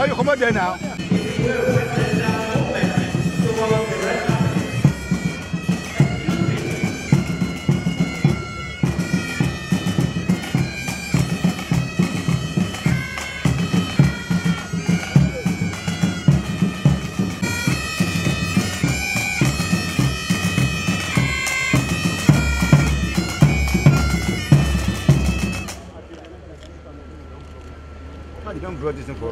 Now you come out there now. How did you brought this in for?